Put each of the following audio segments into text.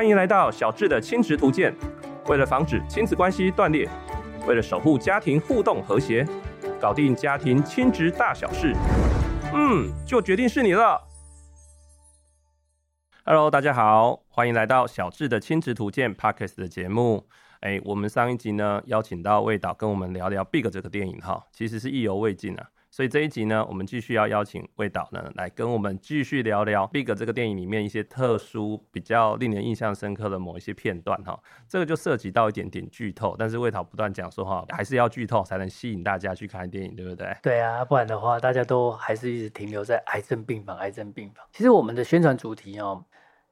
歡迎來到小志的親職圖鑑。為了防止親子關係斷裂，為了守護家庭互動和諧，搞定家庭親職大小事，嗯，就決定是你了。Hello，大家好，歡迎來到小志的親職圖鑑 Podcast 的節目。誒，我們上一集呢邀請到魏導跟我們聊聊《Big》這個電影哈，其實是意猶未盡啊。所以這一集呢，我們繼續要邀請魏導呢來跟我們繼續聊聊《Big》這個電影裡面一些特殊、比較令人印象深刻的某一些片段哈。這個就涉及到一點點劇透，但是魏導不斷講說哈，還是要劇透才能吸引大家去看電影，對不對？對啊，不然的話，大家都還是一直停留在癌症病房、癌症病房。其實我們的宣傳主題啊、喔，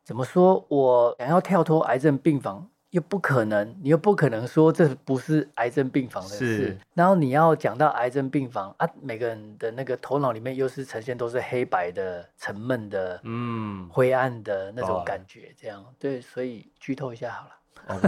怎麼說我想要跳脫癌症病房。又不可能，你又不可能說這不是癌症病房的事。是然後你要講到癌症病房啊，每個人的那個頭腦裡面又是呈現都是黑白的、沉悶的、嗯、灰暗的那種感覺，這樣、啊、對。所以劇透一下好了。 OK，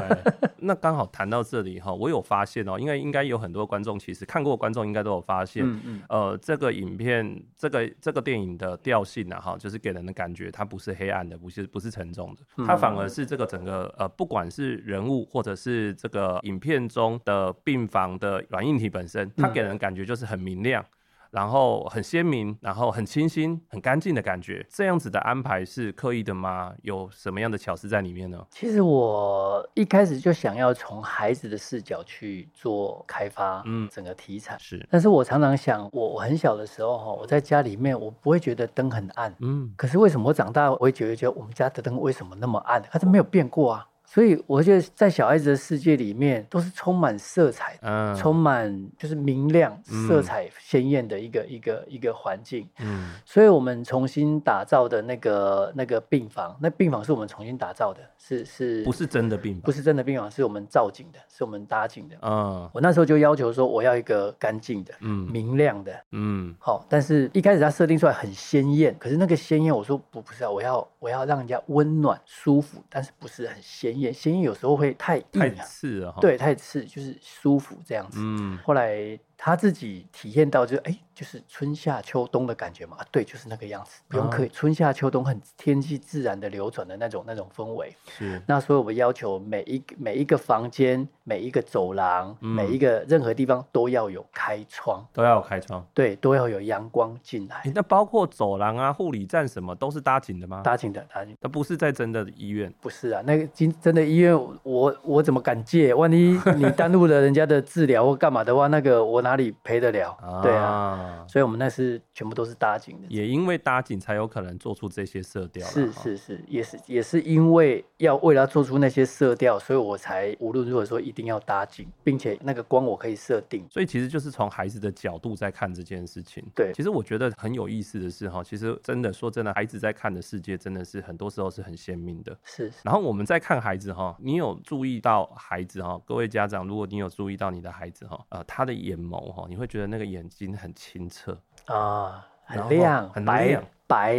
那剛好談到這裡哈，我有發現哦、喔，因為應該有很多觀眾，其實看過觀眾應該都有發現，嗯嗯、呃，這個影片，這個這個電影的調性呢、啊，哈，就是給人的感覺，它不是黑暗的，不是不是沉重的，它反而是這個整個呃，不管是人物或者是這個影片中的病房的軟硬體本身，它給人的感覺就是很明亮。嗯嗯然後很鮮明，然後很清新，很乾淨的感覺，這樣子的安排是刻意的嗎？有什麼樣的巧思在裡面呢？其實我一開始就想要從孩子的視角去做開發，嗯，整個題材是。但是我常常想，我我很小的時候哈、哦，我在家裡面我不會覺得燈很暗，嗯，可是為什麼我長大我會覺得覺得我們家的燈為什麼那麼暗？它、啊、是沒有變過啊。所以我覺得在小孩子的世界裡面都是充滿色彩的，嗯、充滿就是明亮、色彩鮮豔的一個、嗯、一個一個環境。嗯，所以我們重新打造的那個那個病房，那病房是我們重新打造的，是是，不是真的病房？不是真的病房，是我們造景的，是我們搭景的。嗯，我那時候就要求說，我要一個乾淨的，嗯，明亮的，嗯，好。但是一開始他設定出來很鮮豔，可是那個鮮豔，我說不不是啊，我要我要讓人家溫暖舒服，但是不是很鮮豔。眼神有時候會太刺了，對，太刺就是舒服這樣子。嗯，後來。他自己體驗到就是哎，就是春夏秋冬的感覺嘛啊，對，就是那個樣子，不用刻意。啊、春夏秋冬很天氣自然的流轉的那種那種氛圍。是。那所以，我們要求每一個每一個房間、每一個走廊、嗯、每一個任何地方都要有開窗，都要有開窗對，對，都要有陽光進來。那包括走廊啊、護理站什麼都是搭景的嗎？搭景的，搭景。它不是在真的醫院？不是啊，那個真真的醫院，我我怎麼敢借？萬一你耽誤了人家的治療或幹嘛的話， 那個我拿。哪裡賠得了？對啊，啊、所以，我們那是全部都是搭景的，也因為搭景才有可能做出這些色調。是是是，也是也是因為要為了要做出那些色調，所以我才無論如何說一定要搭景，並且那個光我可以設定。所以，其實就是從孩子的角度在看這件事情。對，其實我覺得很有意思的是哈，其實真的說真的，孩子在看的世界真的是很多時候是很鮮明的。是是，然後我們在看孩子哈，你有注意到孩子哈？各位家長，如果你有注意到你的孩子哈，呃，他的眼眸。你會覺得那個眼睛很清澈啊，很亮，很白白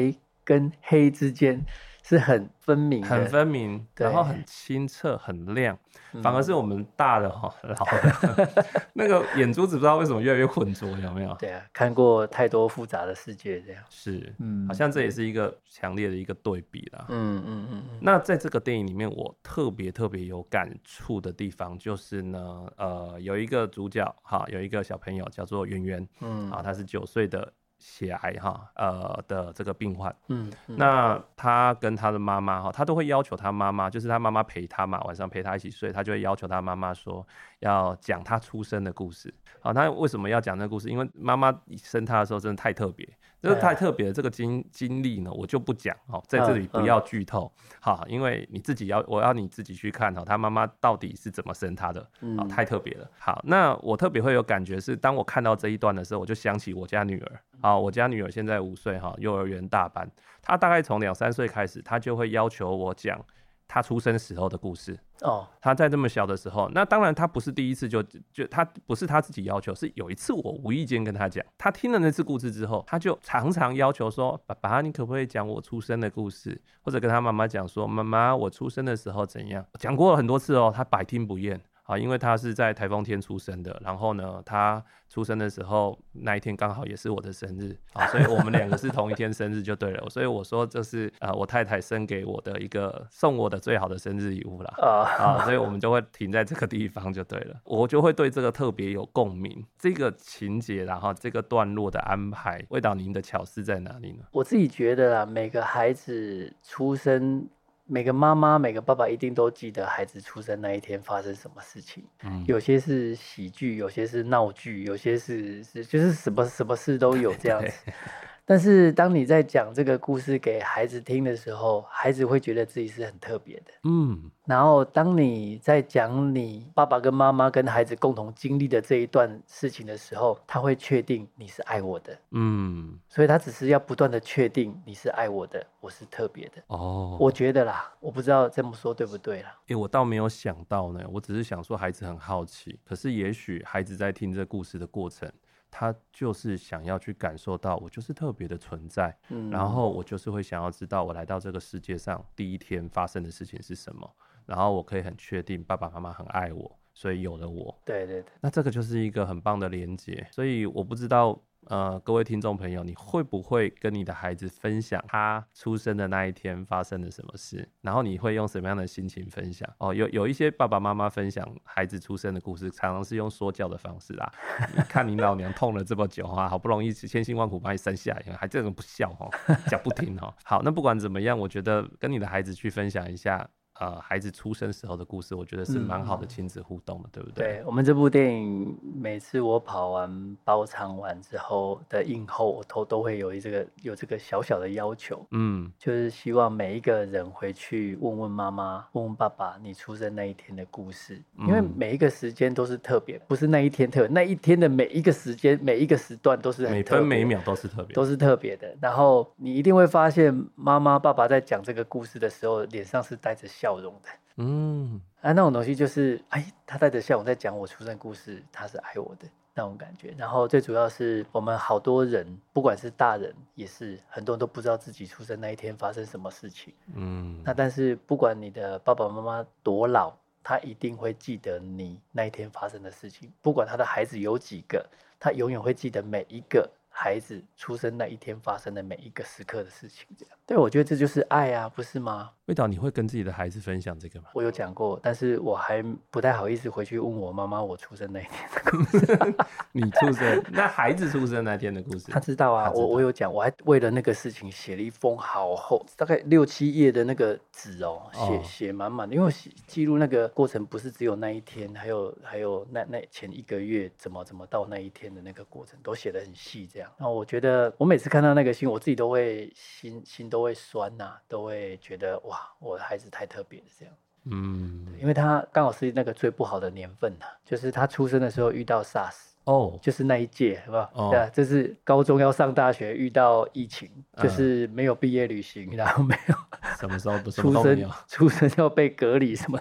白跟黑之間是很分明，很分明，對然後很清澈、很亮，嗯、反而是我們大的哈老了，了 那個眼珠子不知道為什麼越來越渾濁，有沒有？對啊，看過太多複雜的世界，這樣是，嗯，好像這也是一個強烈的一個對比啦。嗯嗯嗯嗯。那在這個電影裡面，我特別特別有感觸的地方就是呢，呃，有一個主角哈，有一個小朋友叫做圓圓，嗯，啊，他是九歲的。血癌哈、哦，呃的這個病患，嗯，那他跟他的媽媽哈，他都會要求他媽媽，就是他媽媽陪他嘛，晚上陪他一起睡，他就會要求他媽媽說要講他出生的故事。好、哦，他為什麼要講這個故事？因為媽媽生他的時候真的太特別。這個太特別了，哎、呀這個經經歷呢，我就不講哦、喔，在這裡不要劇透好，呵呵，因為你自己要，我要你自己去看、喔、他媽媽到底是怎麼生他的、喔、太特別了。嗯、好，那我特別會有感覺是，當我看到這一段的時候，我就想起我家女兒啊、喔，我家女兒現在五歲哈，幼兒園大班，她大概從兩三歲開始，她就會要求我講。他出生時候的故事哦，他在這麼小的時候，那當然他不是第一次就就他不是他自己要求，是有一次我無意間跟他講，他聽了那次故事之後，他就常常要求說：“爸爸，你可不可以講我出生的故事？”或者跟他媽媽講說：“媽媽，我出生的時候怎樣？”講過很多次哦，他百聽不厭。啊，因為他是在颱風天出生的，然後呢，他出生的時候那一天剛好也是我的生日啊，所以我們兩個是同一天生日就對了。 所以我說，這是呃，我太太生給我的一個送我的最好的生日禮物了 啊，所以我們就會停在這個地方就對了。我就會對這個特別有共鳴，這個情節，然後啊這個段落的安排，魏導您的巧思在哪裡呢？我自己覺得啊，每個孩子出生。每個媽媽、每個爸爸一定都記得孩子出生那一天發生什麼事情。嗯、有些是喜劇，有些是鬧劇，有些是，是就是什麼什麼事都有這樣子。 但是當你在講這個故事給孩子聽的時候，孩子會覺得自己是很特別的。嗯。然後當你在講你爸爸跟媽媽跟孩子共同經歷的這一段事情的時候，他會確定你是愛我的。嗯。所以他只是要不斷的確定你是愛我的，我是特別的。哦。我覺得啦，我不知道這麼說對不對啦。誒，我倒沒有想到呢。我只是想說，孩子很好奇。可是也許孩子在聽這故事的過程。他就是想要去感受到，我就是特別的存在，嗯，然後我就是會想要知道，我來到這個世界上第一天發生的事情是什麼，然後我可以很確定爸爸媽媽很愛我，所以有了我。對對對，那這個就是一個很棒的連接，所以我不知道。呃，各位聽眾朋友，你會不會跟你的孩子分享他出生的那一天發生了什麼事？然後你會用什麼樣的心情分享？哦，有有一些爸爸媽媽分享孩子出生的故事，常常是用說教的方式啦。 你看，你老娘痛了這麼久啊，好不容易千辛萬苦把你生下來，還這種不孝哦，講不聽哦。好，那不管怎麼樣，我覺得跟你的孩子去分享一下。啊、呃，孩子出生時候的故事，我覺得是蠻好的親子互動的，嗯、對不對？對。我們這部電影，每次我跑完包場完之後的映後，我都都會有一這個有這個小小的要求，嗯，就是希望每一個人回去問問媽媽，問問爸爸，你出生那一天的故事，因為每一個時間都是特別，不是那一天特別，那一天的每一個時間，每一個時段都是特別。每分每一秒都是特別，都是特別的。然後你一定會發現，媽媽爸爸在講這個故事的時候，臉上是帶着笑笑容的，嗯，啊，那種東西就是，哎，他帶着笑容在講我出生故事，他是愛我的那種感覺。然後最主要是，我們好多人，不管是大人也是，很多人都不知道自己出生那一天發生什麼事情，嗯，那但是不管你的爸爸媽媽多老，他一定會記得你那一天發生的事情。不管他的孩子有幾個，他永遠會記得每一個。孩子出生那一天發生的每一個時刻的事情，對，我覺得這就是愛啊，不是嗎？魏導，你會跟自己的孩子分享這個嗎？我有講過，但是我還不太好意思回去問我媽媽我出生那一天的故事。 你出生，那孩子出生那天的故事，他知道啊。道，我我有講，我還為了那個事情寫了一封好厚，大概六七頁的那個紙、喔、哦，寫寫滿滿的，因為我記錄那個過程不是只有那一天，還有還有那那前一個月怎麼怎麼到那一天的那個過程都寫的很細這樣。那我覺得，我每次看到那個信，我自己都會心心，都會酸吶、啊，都會覺得哇，我的孩子太特別了，這樣。嗯，因為他剛好是那個最不好的年份吶、啊，就是他出生的時候遇到 SARS。哦，oh, 就是那一屆，是吧？哦、oh, 啊，對，就是高中要上大學遇到疫情，uh, 就是沒有畢業旅行，嗯、然後沒有什麼時候不出生，出生要被隔離，什麼，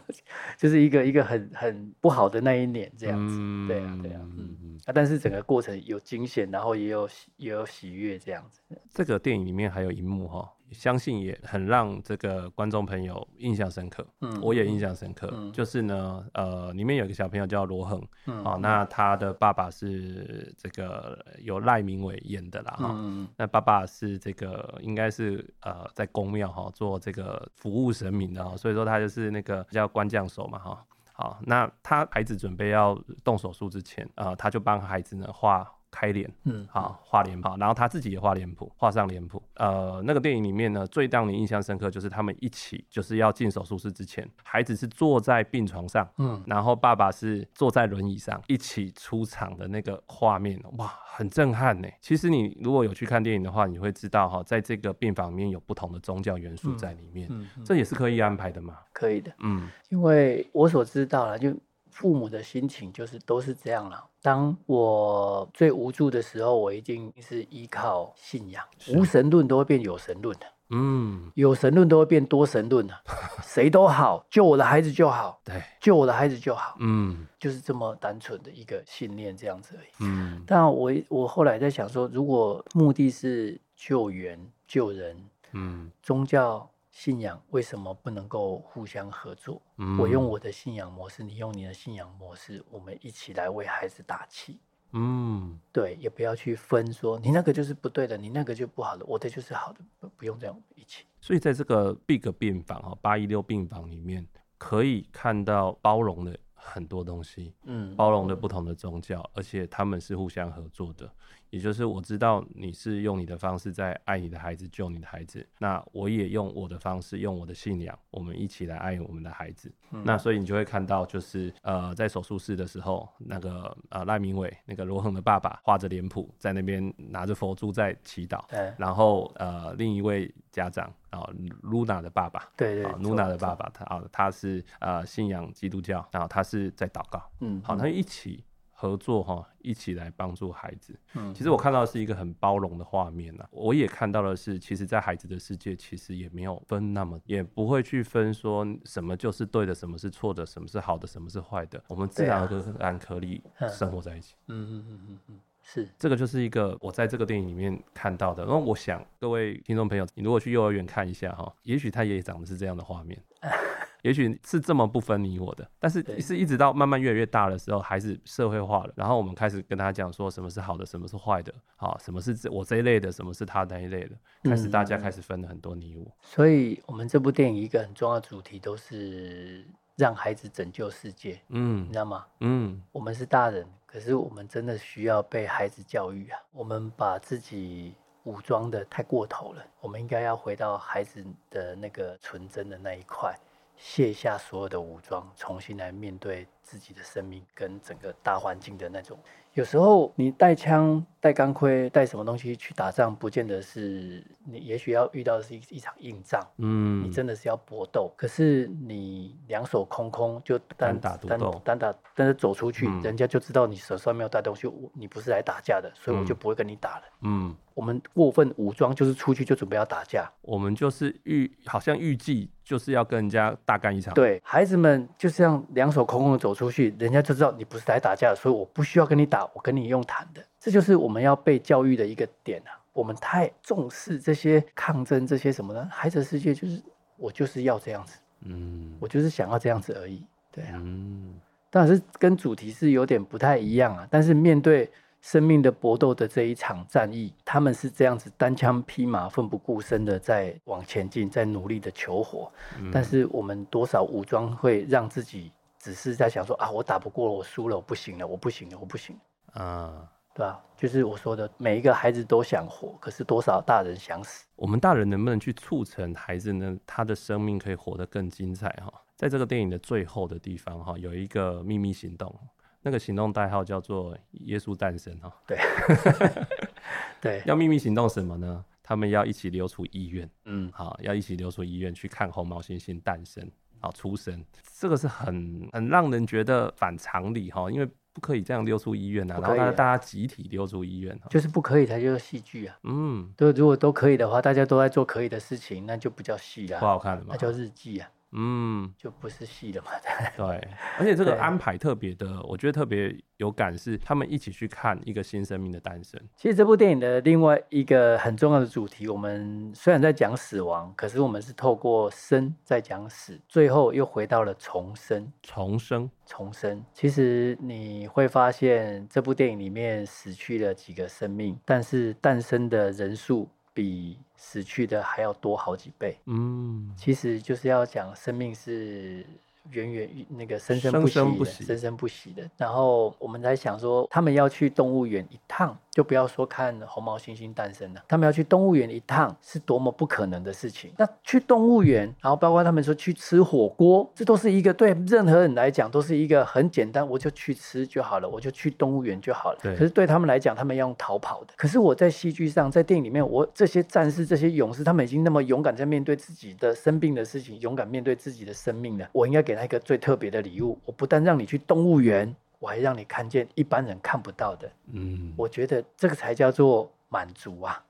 就是一個一個很很不好的那一年這樣子。嗯、對啊對呀、啊嗯，嗯嗯。啊，但是整個過程有驚險，然後也有喜也有喜悅這樣子。這個電影裡面還有一幕哈、哦。相信也很讓這個觀眾朋友印象深刻，嗯、我也印象深刻。嗯、就是呢，呃，裡面有一個小朋友叫羅恆，那他的爸爸是這個由賴明偉演的啦，哈、嗯哦，那爸爸是這個應該是呃在宮廟哈做這個服務神明的，哦、所以說他就是那個叫官將手嘛，哈、哦，好，那他孩子準備要動手術之前啊、呃，他就幫孩子呢畫。畫開臉，嗯，好畫臉譜，然後他自己也畫臉譜，畫上臉譜。呃，那個電影裡面呢，最讓你印象深刻就是他們一起就是要進手術室之前，孩子是坐在病床上，嗯，然後爸爸是坐在輪椅上一起出場的那個畫面，哇，很震撼呢。其實你如果有去看電影的話，你會知道哈、哦，在這個病房裡面有不同的宗教元素在裡面，嗯嗯嗯、這也是可以安排的嘛？可以的，嗯，因為我所知道啦，就父母的心情就是都是這樣了。當我最無助的時候，我一定是依靠信仰。是無神論都會變有神論的，嗯，有神論都會變多神論的， 誰都好，救我的孩子就好，對，救我的孩子就好，嗯，就是這麼單純的一個信念，這樣子而已。嗯，但我我後來在想說，如果目的是救援救人，嗯，宗教。信仰為什麼不能夠互相合作？嗯、我用我的信仰模式，你用你的信仰模式，我們一起來為孩子打氣。嗯，對，也不要去分說你那個就是不對的，你那個就不好的，我的就是好的，不，不用這樣一起。所以在這個 BIG 病房哈，八一六病房裡面，可以看到包容的很多東西，嗯，包容的不同的宗教，嗯、而且他們是互相合作的。也就是我知道你是用你的方式在愛你的孩子，救你的孩子，那我也用我的方式，用我的信仰，我們一起來愛我們的孩子。嗯、那所以你就會看到，就是、嗯、呃，在手術室的時候，那個、嗯、呃賴明偉，那個羅恆的爸爸畫着臉譜在那邊拿着佛珠在祈禱，對然後呃另一位家長啊，露、呃、娜的爸爸，對，對對，露娜、呃、的爸爸他啊錯、呃、他是呃信仰基督教，然、呃、後他是在禱告。嗯，好、呃，他一起。合作哈、哦，一起來幫助孩子。嗯，其實我看到的是一個很包容的畫面吶、啊。我也看到的是，其實，在孩子的世界，其實也沒有分那麼，也不會去分說什麼就是對的，什麼是錯的，什麼是好的，什麼是壞的。我們自然而然可以生活在一起。嗯嗯嗯嗯嗯，是。 這個就是一個我在這個電影裡面看到的。那是我想各位聽眾朋友，你如果去幼兒園看一下哈、哦，也許他也長得是這樣的畫面。 也許是這麼不分你我的，但是是一直到慢慢越來越大的時候，孩子對社會化了，然後我們開始跟他講說什麼是好的，什麼是壞的，好，什麼是我這一類的，什麼是他那一類的，嗯、開始大家開始分了很多你我。所以我們這部電影一個很重要的主題都是讓孩子拯救世界，嗯，你知道嗎？嗯，我們是大人，可是我們真的需要被孩子教育啊，我們把自己武裝的太過頭了，我們應該要回到孩子的那個純真的那一塊。卸下所有的武裝，重新來面對。自己的生命跟整個大環境的那種，有時候你帶槍、帶鋼盔、帶什麼東西去打仗，不見得是你，也許要遇到的是一一場硬仗，嗯，你真的是要搏鬥。可是你兩手空空，就單，單打獨鬥，單單打，但是走出去，嗯、人家就知道你手上沒有帶東西，你不是來打架的，所以我就不會跟你打了。嗯，嗯我們過分武裝就是出去就準備要打架，我們就是預，好像預計就是要跟人家大幹一場。對，孩子們就是這樣兩手空空的走出。出去，人家就知道你不是來打架的，所以我不需要跟你打，我跟你用談的，這就是我們要被教育的一個點啊！我們太重視這些抗爭，這些什麼呢？孩子世界就是我就是要這樣子，嗯，我就是想要這樣子而已，對啊，嗯，但是跟主題是有點不太一樣啊。但是面對生命的搏鬥的這一場戰役，他們是這樣子單槍匹馬、奮不顧身的在往前進，在努力的求活。嗯，但是我們多少武裝會讓自己？只是在想說啊，我打不過了，我輸了，我不行了，我不行了，我不行了。嗯，對吧？就是我說的，每一個孩子都想活，可是多少大人想死？我們大人能不能去促成孩子呢？他的生命可以活得更精彩哈？在這個電影的最後的地方哈，有一個秘密行動，那個行動代號叫做耶穌誕生哈。對， 對，要秘密行動什麼呢？他們要一起溜出醫院，嗯，好，要一起溜出醫院去看紅毛猩猩誕生。好，出生，這個是很很讓人覺得反常理哈，因為不可以這樣溜出醫院吶、啊，啊、然後大家大家集體溜出醫院，就是不可以才叫戲劇啊。嗯，對，如果都可以的話，大家都在做可以的事情，那就不叫戲啦，不好看了嗎？那叫日記啊。嗯，就不是戲了嘛。對，對，而且這個安排特別的，啊，我覺得特別有感是他們一起去看一個新生命的誕生。其實這部電影的另外一個很重要的主題，我們雖然在講死亡，可是我們是透過生在講死，最後又回到了重生。重生，重生。其實你會發現，這部電影裡面死去了幾個生命，但是誕生的人數。比死去的還要多好幾倍。嗯，其實就是要講生命是源源於那個生生不息的，生生不息，生生不息的。然後我們在想說，他們要去動物園一趟。就不要說看《紅毛猩猩誕生》了，他們要去動物園一趟，是多麼不可能的事情。那去動物園，然後包括他們說去吃火鍋，這都是一個對任何人來講都是一個很簡單，我就去吃就好了，我就去動物園就好了。對可是對他們來講，他們要用逃跑的。可是我在戲劇上，在電影裡面，我這些戰士、這些勇士，他們已經那麼勇敢，在面對自己的生病的事情，勇敢面對自己的生命了。我應該給他一個最特別的禮物。我不但讓你去動物園。我還讓你看見一般人看不到的，嗯，我覺得這個才叫做滿足啊！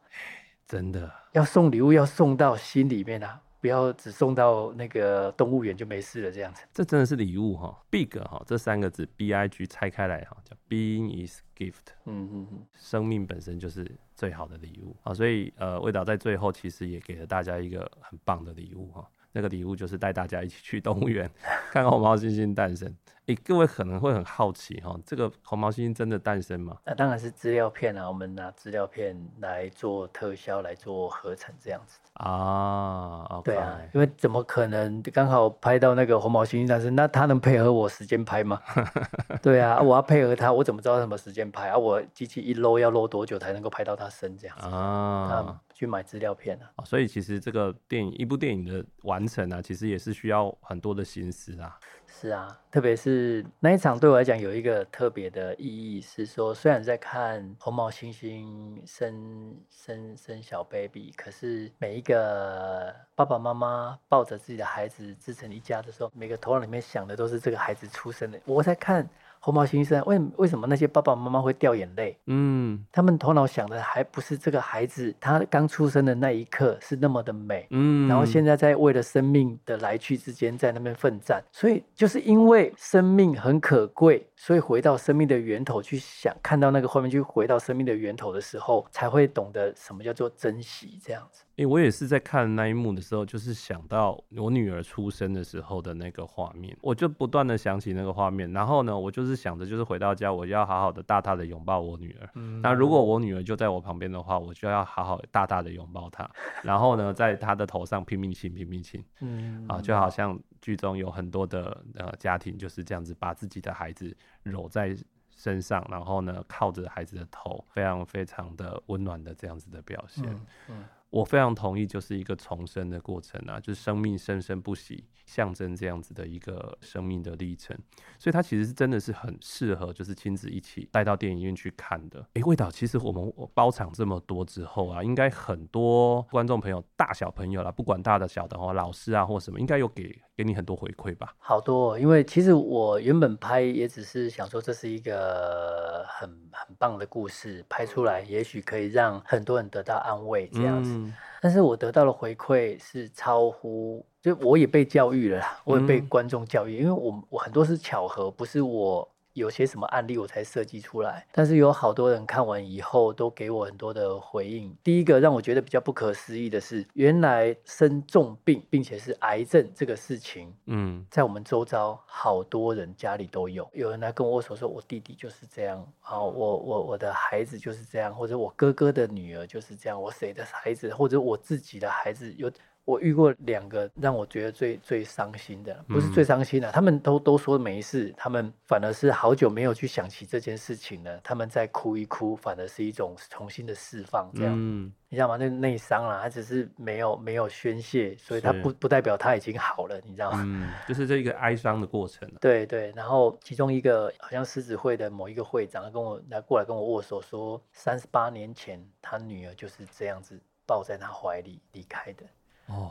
真的，要送禮物要送到心裡面啊，不要只送到那個動物園就沒事了這樣子。這真的是禮物哈、哦、，Big 哈、哦、這三個字 B I G 拆開來哈、哦、叫 Being is gift，嗯嗯嗯，生命本身就是最好的禮物啊、哦！所以呃，魏導在最後其實也給了大家一個很棒的禮物哈、哦，那個禮物就是帶大家一起去動物園，看看紅毛猩猩誕生。 各位可能會很好奇哈，這個紅毛猩猩真的誕生嗎？那、啊、當然是資料片、啊、我們拿資料片來做特效，來做合成這樣子啊。Okay、對啊，因為怎麼可能剛好拍到那個紅毛猩猩誕生？那他能配合我時間拍嗎？ 對啊，我要配合他，我怎麼知道他什麼時間拍啊？我機器一摟要摟多久才能夠拍到他生這樣子啊，啊？去買資料片啊，啊。所以其實這個電影一部電影的完成啊，其實也是需要很多的心思啊。是啊，特別是那一場對我來講有一個特別的意義，是說雖然在看《紅毛猩猩生生生小 baby》，可是每一個爸爸媽媽抱着自己的孩子，支撐一家的時候，每個頭腦裡面想的都是這個孩子出生的。我在看。紅毛先生，為為什麼那些爸爸媽媽會掉眼淚？嗯，他們頭腦想的還不是這個孩子，他剛出生的那一刻是那麼的美，嗯，然後現在在為了生命的來去之間在那邊奮戰，所以就是因為生命很可貴。所以回到生命的源頭去想，看到那個畫面，去回到生命的源頭的時候，才會懂得什麼叫做珍惜這樣子。因為、欸、我也是在看那一幕的時候，就是想到我女兒出生的時候的那個畫面，我就不斷的想起那個畫面。然後呢，我就是想着，就是回到家，我要好好的、大大的擁抱我女兒。嗯、那如果我女兒就在我旁邊的話，我就要好好的大大的擁抱她。然後呢，在她的頭上拼命親、拼命親。嗯啊，就好像劇中有很多的呃家庭就是這樣子，把自己的孩子。揉在身上，然後呢，靠着孩子的頭，非常非常的溫暖的這樣子的表現。嗯嗯我非常同意，就是一個重生的過程啊，就是生命生生不息，象徵這樣子的一個生命的歷程。所以它其實是真的是很適合，就是親子一起帶到電影院去看的。哎、欸，魏導，其實我們包場這麼多之後啊，應該很多觀眾朋友，大小朋友啦，不管大的小的哦，老師啊或什麼，應該有給給你很多回饋吧？好多，因為其實我原本拍也只是想說，這是一個很很棒的故事，拍出來也許可以讓很多人得到安慰這樣子。嗯但是我得到的回饋是超乎，就我也被教育了，我也被觀眾教育，嗯，因為我我很多是巧合，不是我。有些什麼案例我才設計出來，但是有好多人看完以後都給我很多的回應。第一個讓我覺得比較不可思議的是，原來生重病並且是癌症這個事情，嗯，在我們周遭好多人家裡都有。嗯、有人來跟我所說，我弟弟就是這樣啊、哦，我我我的孩子就是這樣，或者我哥哥的女兒就是這樣，我誰的孩子，或者我自己的孩子有。我遇過兩個讓我覺得最最傷心的，不是最傷心的、啊，他們都都說沒事，他們反而是好久沒有去想起這件事情了。他們在哭一哭，反而是一種重新的釋放。這樣，嗯、你知道嗎？那內傷啊，他只是沒有沒有宣洩，所以他不是不代表他已經好了，你知道嗎？嗯、就是這一個哀傷的過程、啊。對對，然後其中一個好像獅子會的某一個會長，他跟我來過來跟我握手說，說三十八年前他女兒就是這樣子抱在他懷裡離開的。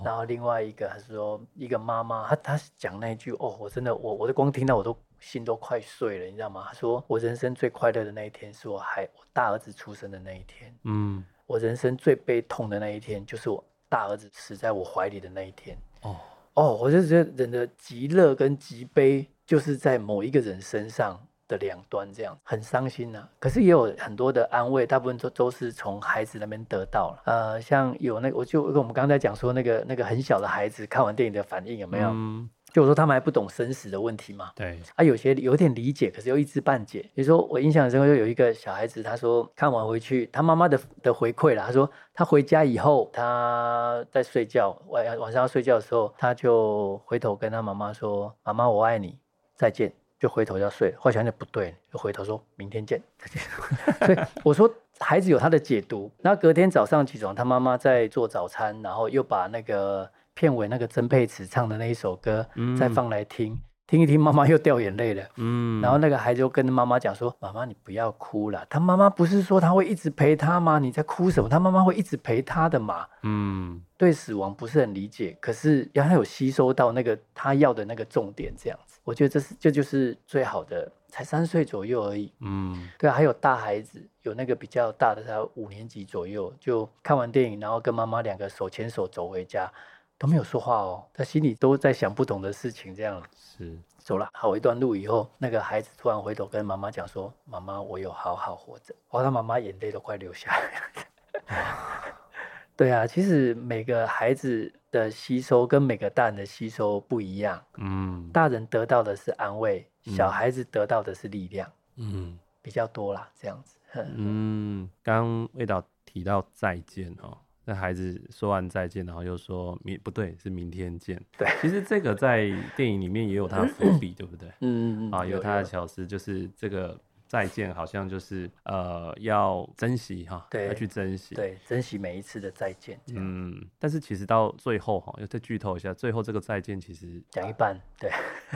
然後另外一個，他說一個媽媽，她她講那一句哦，我真的我我都光聽到我都心都快碎了，你知道嗎？她說，我人生最快樂的那一天是我孩我大兒子出生的那一天，嗯，我人生最悲痛的那一天就是我大兒子死在我懷裡的那一天。哦哦，我就覺得人的極樂跟極悲就是在某一個人身上。的兩端，這樣很傷心呢、啊。可是也有很多的安慰，大部分都都是從孩子那邊得到了。呃，像有那個，我就跟我們剛才講說，那個那個很小的孩子看完電影的反應有沒有？嗯、就我說他們還不懂生死的問題嘛。對。啊，有些有點理解，可是又一知半解。比如說我印象中就有一個小孩子，他說看完回去，他媽媽的的回饋了。他說他回家以後他在睡覺，晚晚上要睡覺的時候，他就回頭跟他媽媽說：“媽媽，我愛你，再見。”就回頭要睡了，想想不對，就回頭說：“明天見。 ”所以我說，孩子有他的解讀。然後隔天早上起床，他媽媽在做早餐，然後又把那個片尾那個曾沛慈唱的那一首歌再放來聽，嗯、聽一聽，媽媽又掉眼淚了。嗯，然後那個孩子就跟媽媽講說：“媽媽，你不要哭了。”他媽媽不是說他會一直陪他嗎？你在哭什麼？他媽媽會一直陪他的嘛？嗯，對死亡不是很理解，可是他有吸收到那個他要的那個重點，這樣。我覺得這是，這就是最好的，才三歲左右而已。嗯，對啊，還有大孩子，有那個比較大的，才五年級左右，就看完電影，然後跟媽媽兩個手牽手走回家，都沒有說話哦，他心裡都在想不同的事情，這樣是走了好一段路以後，那個孩子突然回頭跟媽媽講說：“媽媽，我有好好活着。”哇，他媽媽眼淚都快流下來了。 對啊，其實每個孩子。的吸收跟每個大人的吸收不一樣，嗯，大人得到的是安慰，嗯，小孩子得到的是力量，嗯，比較多啦，這樣子。嗯，剛魏導提到再見哦，那孩子說完再見，然後又說明不對，是明天見。對，其實這個在電影裡面也有他的伏筆，對不對？嗯嗯嗯，啊，有他的巧思，就是這個。再見，好像就是呃，要珍惜哈，啊、對要去珍惜，對，珍惜每一次的再見。嗯，但是其實到最後哈，要再劇透一下，最後這個再見其實講一半，呃、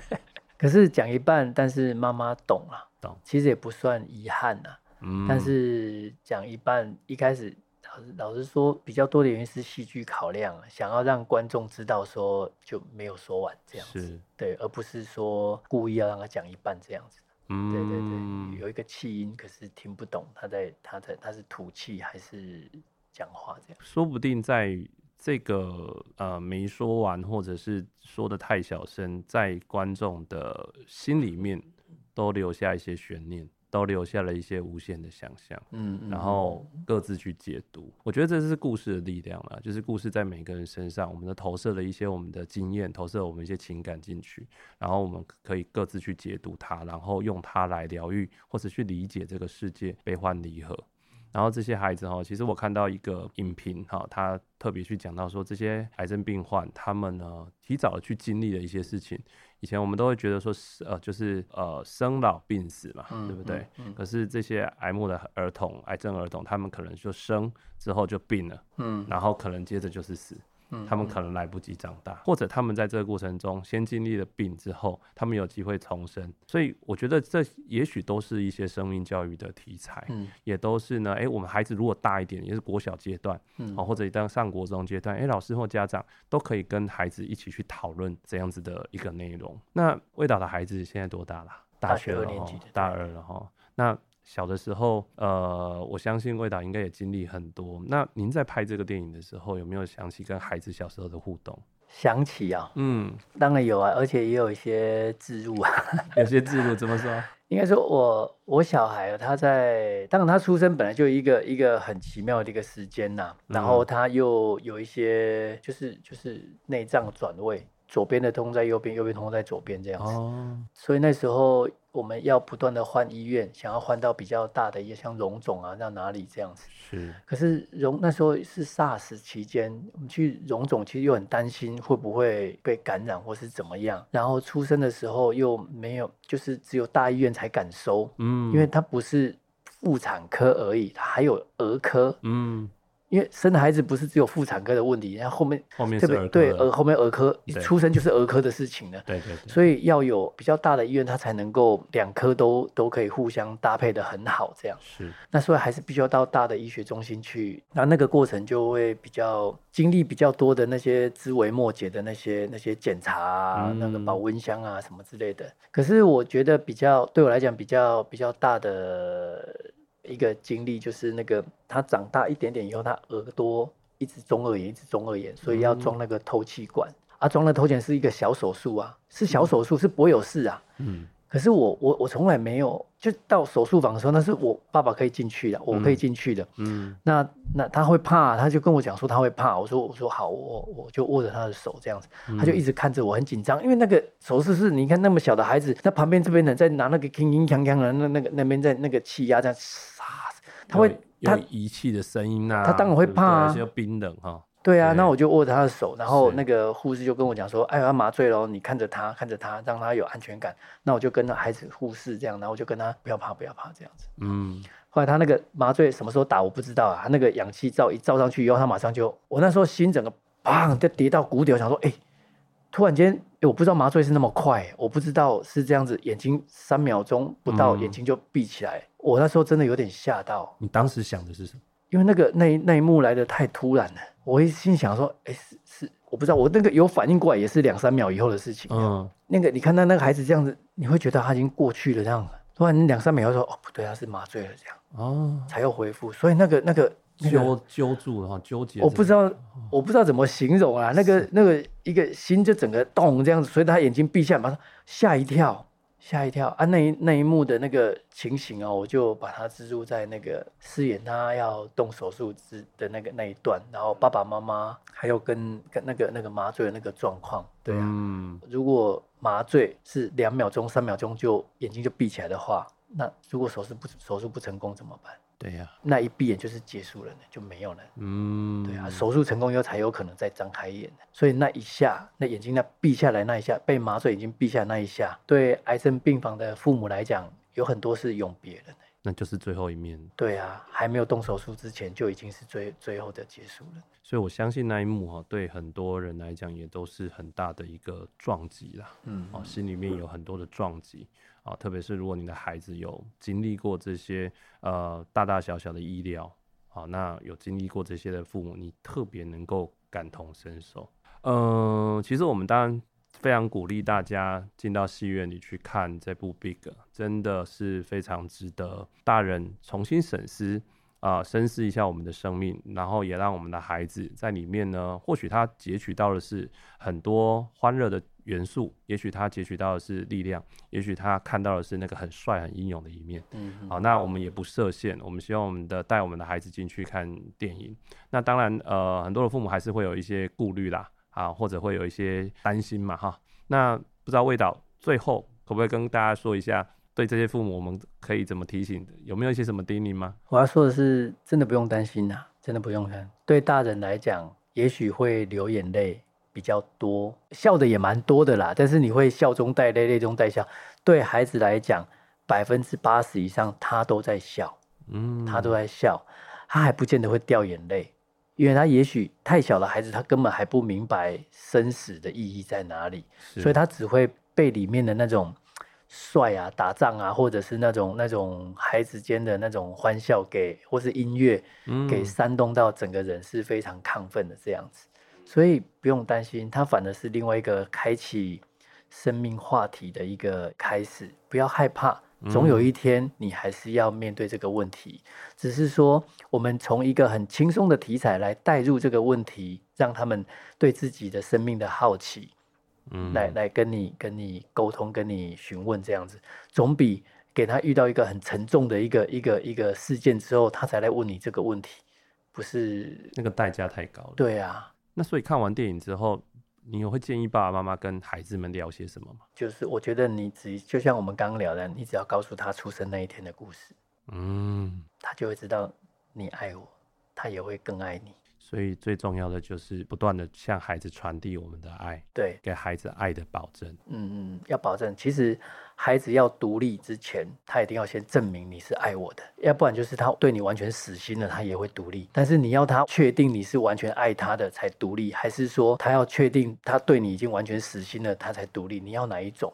對， 可是講一半，但是媽媽懂了，啊，懂，其實也不算遺憾啊。嗯，但是講一半，一開始老實老實說，比較多的原因是戲劇考量，想要讓觀眾知道說就沒有說完這樣子，是對，而不是說故意要讓他講一半這樣子。嗯， 對對對，有一個氣音，可是聽不懂他在他在，他在，他是吐氣還是講話這樣？說不定在這個呃沒說完，或者是說得太小聲，在觀眾的心裡面都留下一些懸念。都留下了一些無限的想象，嗯，然後各自去解讀。嗯。我覺得這是故事的力量了，就是故事在每個人身上，我們都投射了一些我們的經驗，投射我們一些情感進去，然後我們可以各自去解讀它，然後用它來療癒或者去理解這個世界，悲歡離合。然後這些孩子哈，其實我看到一個影評哈，他特別去講到說，這些癌症病患他們呢，提早的去經歷了一些事情。以前我們都會覺得說，是呃，就是呃，生老病死嘛，嗯、對不對？嗯嗯、可是這些癌末的兒童、癌症兒童，他們可能就生之後就病了，嗯，然後可能接着就是死。他們可能來不及長大，嗯嗯，或者他們在這個過程中先經歷了病，之後他們有機會重生。所以我覺得這也許都是一些生命教育的題材，嗯、也都是呢。哎、欸，我們孩子如果大一點，也是國小階段，嗯嗯，或者當上國中階段，哎、欸，老師或家長都可以跟孩子一起去討論這樣子的一個內容。那魏導的孩子現在多大了？大學二年級大，大二了哈。那。小的時候，呃，我相信魏導應該也經歷很多。那您在拍這個電影的時候，有沒有想起跟孩子小時候的互動？想起啊、哦，嗯，當然有啊，而且也有一些置入啊， 有些置入怎麼說？應該說我我小孩他在，當然他出生本來就一個一個很奇妙的一個時間吶、啊，然後他又有一些就是就是內臟轉位。左邊的通在右邊，右邊通在左邊，這樣子。哦。所以那時候我們要不斷的換醫院，想要換到比較大的醫院，像榮總啊，這樣哪裡這樣子。是。可是榮那時候是 SARS 期間，我們去榮總其實又很擔心會不會被感染或是怎麼樣，然後出生的時候又沒有，就是只有大醫院才敢收。嗯。因為它不是婦產科而已，它還有兒科。嗯。因為生孩子不是只有婦產科的問題，然後後面特別對兒後面兒科，對一出生就是兒科的事情了。對對對。所以要有比較大的醫院，它才能夠兩科都都可以互相搭配得很好，這樣是。那所以還是必須要到大的醫學中心去，那那個過程就會比較經歷比較多的那些枝微末節的那些那些檢查啊，嗯，那個保溫箱啊什麼之類的。可是我覺得比較對我來講比較比較大的。一個經歷就是那個，他長大一點點以後，他耳朵一直中耳炎，一直中耳炎，所以要裝那個透氣管、嗯、啊，裝那透氣是一個小手術啊，是小手術，嗯、是不會有事啊，嗯。可是我我我從來沒有，就到手術房的時候，那是我爸爸可以進去的，嗯、我可以進去的。嗯，那那他會怕，他就跟我講說他會怕。我說我說好，我我就握着他的手這樣子，嗯、他就一直看着我，很緊張，因為那個手術室，你看那麼小的孩子，那旁邊這邊人在拿那個鏗鏗鏘鏘的，那那個那邊在那個氣壓在，他會他儀器的聲音啊他，他當然會怕啊，對對要冰冷哈、啊。對啊，對，那我就握着他的手，然後那個護士就跟我講說：“是哎，我要麻醉嘍，你看着他，看着他，讓他有安全感。”那我就跟着孩子護士這樣，然後我就跟他：“不要怕，不要怕。”這樣子。嗯。後來他那個麻醉什麼時候打我不知道啊，他那個氧氣罩一罩上去以後，他馬上就……我那時候心整個砰，就跌到谷底，我想說：“哎、欸，突然間、欸，我不知道麻醉是那麼快，我不知道是這樣子，眼睛三秒鐘不到，嗯、眼睛就閉起來。”我那時候真的有點嚇到。你當時想的是什麼？因為那個那一那一幕來得太突然了，我一心想說，哎，是是我不知道，我那個有反應過來也是兩三秒以後的事情。嗯，那個你看到那個孩子這樣子，你會覺得他已經過去了，這樣突然兩三秒以後就說，哦不對、啊，他是麻醉了這樣，哦才又恢復，所以那個那個、那個、揪、揪住了啊、糾結，我不知道我不知道怎麼形容啊，那個是那個一個心就整個動這樣子，所以他眼睛閉下來馬上嚇一跳。嚇一跳啊！那一那一幕的那個情形哦，我就把它植入在那個飾演他要動手術之的那個那一段，然後爸爸媽媽還有跟跟那個那個麻醉的那個狀況，對呀、啊。嗯，如果麻醉是兩秒鐘、三秒鐘就眼睛就閉起來的話，那如果手術不手術不成功怎麼辦？對呀，那一閉眼就是結束了呢，就沒有了。嗯，對啊，手術成功以後才有可能再張開眼。所以那一下，那眼睛那閉下來那一下，被麻醉已經閉下那一下，對癌症病房的父母來講，有很多是永別了，那就是最後一面。對啊，還沒有動手術之前就已經是最最後的結束了。所以我相信那一幕啊、喔，對很多人來講也都是很大的一個撞擊啦。嗯，哦、喔，心裡面有很多的撞擊。嗯啊，特別是如果你的孩子有經歷過這些，呃，大大小小的醫療，好、呃，那有經歷過這些的父母，你特別能夠感同身受。嗯、呃，其實我們當然非常鼓勵大家進到戲院裡去看這部《Big》，真的是非常值得大人重新審視，啊、呃，深思一下我們的生命，然後也讓我們的孩子在裡面呢，或許他截取到的是很多歡樂的。元素，也許他擷取到的是力量，也許他看到的是那個很帥、很英勇的一面。嗯哼，好、哦，那我們也不設限，我們希望我們的帶我們的孩子進去看電影。那當然，呃，很多的父母還是會有一些顧慮啦，啊，或者會有一些擔心嘛，哈。那不知道魏導最後可不可以跟大家說一下，對這些父母，我們可以怎麼提醒？有沒有一些什麼叮嚀嗎？我要說的是，真的不用擔心吶、啊，真的不用看。對大人來講，也許會流眼淚。比較多笑的也蠻多的啦，但是你會笑中帶淚，淚中帶笑。對孩子來講，百分之八十以上他都在笑，嗯，他都在笑，他還不見得會掉眼淚，因為他也許太小了，孩子他根本還不明白生死的意義在哪裡，是所以他只會被裡面的那種帥啊、打仗啊，或者是那種那種孩子間的那種歡笑給，給或是音樂，給煽動到整個人是非常亢奮的這樣子。嗯所以不用擔心，他反而是另外一個開啟生命話題的一個開始。不要害怕，總有一天你還是要面對這個問題。嗯，只是說，我們從一個很輕鬆的題材來帶入這個問題，讓他們對自己的生命的好奇，嗯，來來跟你跟你溝通，跟你詢問這樣子，總比給他遇到一個很沉重的一個一個一個事件之後，他才來問你這個問題，不是？那個代價太高了。對啊。那所以看完電影之後，你有會建議爸爸媽媽跟孩子們聊些什麼嗎？就是我覺得你只就像我們剛剛聊的，你只要告訴他出生那一天的故事，嗯，他就會知道你愛我，他也會更愛你。所以最重要的就是不斷的向孩子傳遞我們的愛，對，給孩子愛的保證。嗯嗯，要保證。其實孩子要獨立之前，他一定要先證明你是愛我的，要不然就是他對你完全死心了，他也會獨立。但是你要他確定你是完全愛他的才獨立，還是說他要確定他對你已經完全死心了，他才獨立？你要哪一種？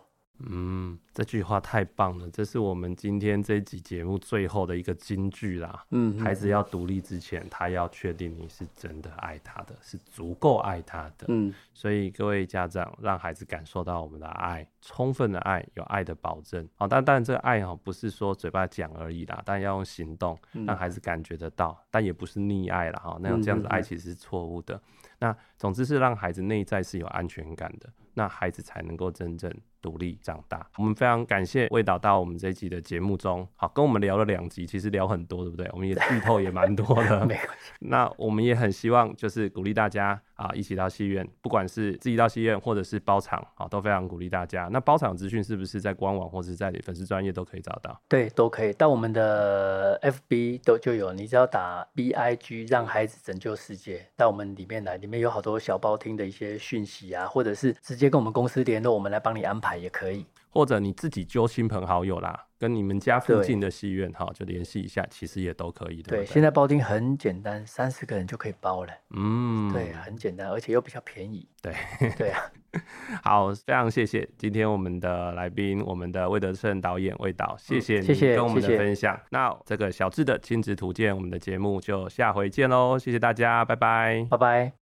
嗯，這句話太棒了，這是我們今天這一集節目最後的一個金句啦。嗯，嗯，孩子要獨立之前，他要確定你是真的愛他的，是足夠愛他的。嗯，所以各位家長，讓孩子感受到我們的愛，充分的愛，有愛的保證。好、哦，但當然這個愛哈、哦，不是說嘴巴講而已啦，但要用行動、嗯、讓孩子感覺得到。但也不是溺愛了哈、哦，那樣這樣子愛其實是錯誤的。嗯嗯嗯、那總之是讓孩子內在是有安全感的，那孩子才能夠真正。獨立長大，我們非常感謝魏導到我們這一集的節目中，好跟我們聊了兩集，其實聊很多，對不對？我們也劇透也蠻多的，沒關係。那我們也很希望，就是鼓勵大家，啊，一起到戲院，不管是自己到戲院，或者是包場，啊，都非常鼓勵大家。那包場資訊是不是在官網，或者是在粉絲專頁都可以找到？對，都可以。到我們的 FB 都就有，你只要打 BIG，讓孩子拯救世界，到我們裡面來，裡面有好多小包廳的一些訊息啊，或者是直接跟我們公司聯絡，我們來幫你安排也可以。或者你自己揪親朋好友啦，跟你們家附近的戲院哈對、哦、就聯繫一下，其實也都可以的。對，對，對，現在包廳很簡單，三十個人就可以包了。嗯，對，很簡單，而且又比較便宜。對， 對啊。好，非常謝謝今天我們的來賓，我們的魏德聖導演魏導，謝謝謝謝跟我們的分享。嗯、謝謝謝謝，那這個小志的親職圖鑑，我們的節目就下回見嘍，謝謝大家，拜拜，拜拜。